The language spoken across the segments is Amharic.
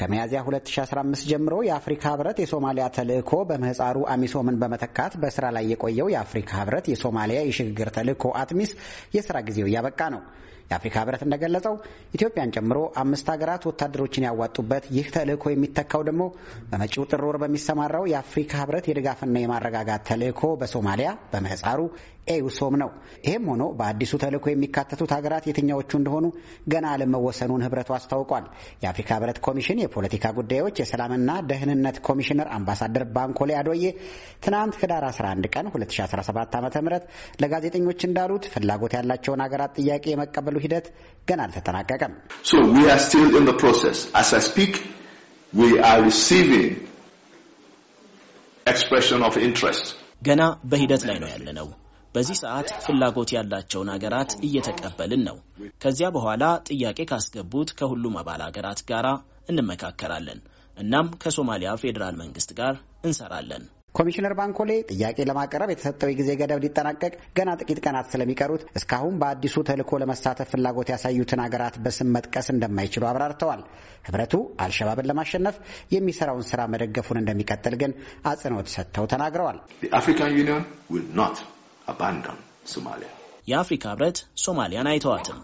ከሚያዝያ 2015 ጀምሮ የአፍሪካ ህብረት የሶማሊያ ተልእኮ በምህፃሩ አሚሶምን በመተካት በስራ ላይ የቆየው የአፍሪካ ህብረት የሶማሊያ የሽግግር ተልእኮ አትሚስ የስራ ጊዜው እያበቃ ነው። የአፍሪካ ህብረት እንደገለጸው ኢትዮጵያን ጨምሮ አምስት ሀገራት ወታደሮችን ያዋጡበት ይህ ተልእኮ የሚተካው ደግሞ በመጪው ጥር ወር በሚሰማራው የአፍሪካ ህብረት የድጋፍና የማረጋጋት ተልእኮ በሶማሊያ በምህፃሩ ኤዩሶም ነው። ይህም ሆኖ በአዲሱ ተልእኮ የሚካተቱት ሀገራት የትኛዎቹ እንደሆኑ ገና አለመወሰኑን ህብረቱ አስታውቋል። የአፍሪካ ህብረት ኮሚሽን የፖለቲካ ጉዳዮች የሰላምና ደህንነት ኮሚሽነር አምባሳደር ባንኮሌ አዶዬ ትናንት ህዳር 11 ቀን 2017 ዓ ም ለጋዜጠኞች እንዳሉት ፍላጎት ያላቸውን ሀገራት ጥያቄ የመቀበል የመቀበሉ ሂደት ገና አልተጠናቀቀም። ገና በሂደት ላይ ነው ያለነው። በዚህ ሰዓት ፍላጎት ያላቸውን አገራት እየተቀበልን ነው። ከዚያ በኋላ ጥያቄ ካስገቡት ከሁሉም አባል አገራት ጋር እንመካከራለን። እናም ከሶማሊያ ፌዴራል መንግስት ጋር እንሰራለን። ኮሚሽነር ባንኮሌ ጥያቄ ለማቅረብ የተሰጠው የጊዜ ገደብ ሊጠናቀቅ ገና ጥቂት ቀናት ስለሚቀሩት እስካሁን በአዲሱ ተልዕኮ ለመሳተፍ ፍላጎት ያሳዩትን ሀገራት በስም መጥቀስ እንደማይችሉ አብራርተዋል። ህብረቱ አልሸባብን ለማሸነፍ የሚሰራውን ስራ መደገፉን እንደሚቀጥል ግን አጽንኦት ሰጥተው ተናግረዋል። አፍሪካን ዩኒየን ዊል ኖት ሶማሊያ። የአፍሪካ ህብረት ሶማሊያን አይተዋትም።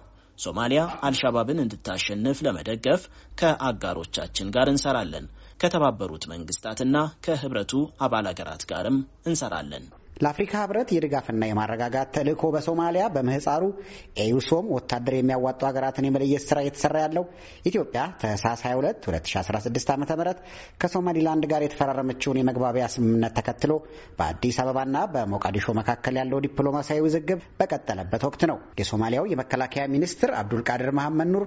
ሶማሊያ አልሻባብን እንድታሸንፍ ለመደገፍ ከአጋሮቻችን ጋር እንሰራለን። ከተባበሩት መንግስታትና ከህብረቱ አባል ሀገራት ጋርም እንሰራለን። ለአፍሪካ ህብረት የድጋፍና የማረጋጋት ተልእኮ በሶማሊያ በምህፃሩ ኤዩሶም ወታደር የሚያዋጡ ሀገራትን የመለየት ስራ እየተሰራ ያለው ኢትዮጵያ ተሳስ 22 2016 ዓ ም ከሶማሊላንድ ጋር የተፈራረመችውን የመግባቢያ ስምምነት ተከትሎ በአዲስ አበባና በሞቃዲሾ መካከል ያለው ዲፕሎማሲያዊ ውዝግብ በቀጠለበት ወቅት ነው። የሶማሊያው የመከላከያ ሚኒስትር አብዱልቃድር መሐመድ ኑር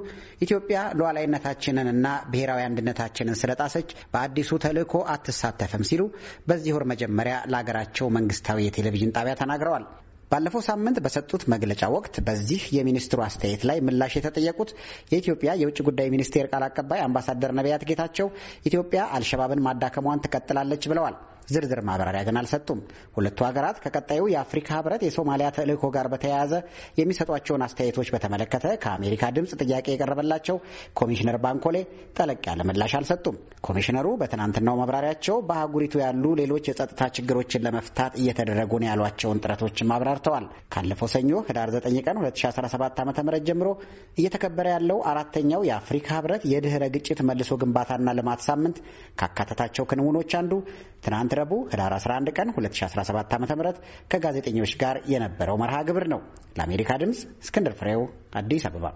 ኢትዮጵያ ሉዓላዊነታችንን እና ብሔራዊ አንድነታችንን ስለጣሰች በአዲሱ ተልእኮ አትሳተፍም ሲሉ በዚህ ወር መጀመሪያ ለሀገራቸው መንግስታዊ የቴሌቪዥን ጣቢያ ተናግረዋል። ባለፈው ሳምንት በሰጡት መግለጫ ወቅት በዚህ የሚኒስትሩ አስተያየት ላይ ምላሽ የተጠየቁት የኢትዮጵያ የውጭ ጉዳይ ሚኒስቴር ቃል አቀባይ አምባሳደር ነቢያት ጌታቸው ኢትዮጵያ አልሸባብን ማዳከሟን ትቀጥላለች ብለዋል። ዝርዝር ማብራሪያ ግን አልሰጡም። ሁለቱ ሀገራት ከቀጣዩ የአፍሪካ ህብረት የሶማሊያ ተልእኮ ጋር በተያያዘ የሚሰጧቸውን አስተያየቶች በተመለከተ ከአሜሪካ ድምፅ ጥያቄ የቀረበላቸው ኮሚሽነር ባንኮሌ ጠለቅ ያለ ምላሽ አልሰጡም። ኮሚሽነሩ በትናንትናው ማብራሪያቸው በአህጉሪቱ ያሉ ሌሎች የጸጥታ ችግሮችን ለመፍታት እየተደረጉ ነው ያሏቸውን ጥረቶችም አብራርተዋል። ካለፈው ሰኞ ህዳር 9 ቀን 2017 ዓ ም ጀምሮ እየተከበረ ያለው አራተኛው የአፍሪካ ህብረት የድህረ ግጭት መልሶ ግንባታና ልማት ሳምንት ካካተታቸው ክንውኖች አንዱ ትናንት ረቡዕ ህዳር 11 ቀን 2017 ም ከጋዜጠኞች ጋር የነበረው መርሃ ግብር ነው። ለአሜሪካ ድምፅ እስክንድር ፍሬው አዲስ አበባ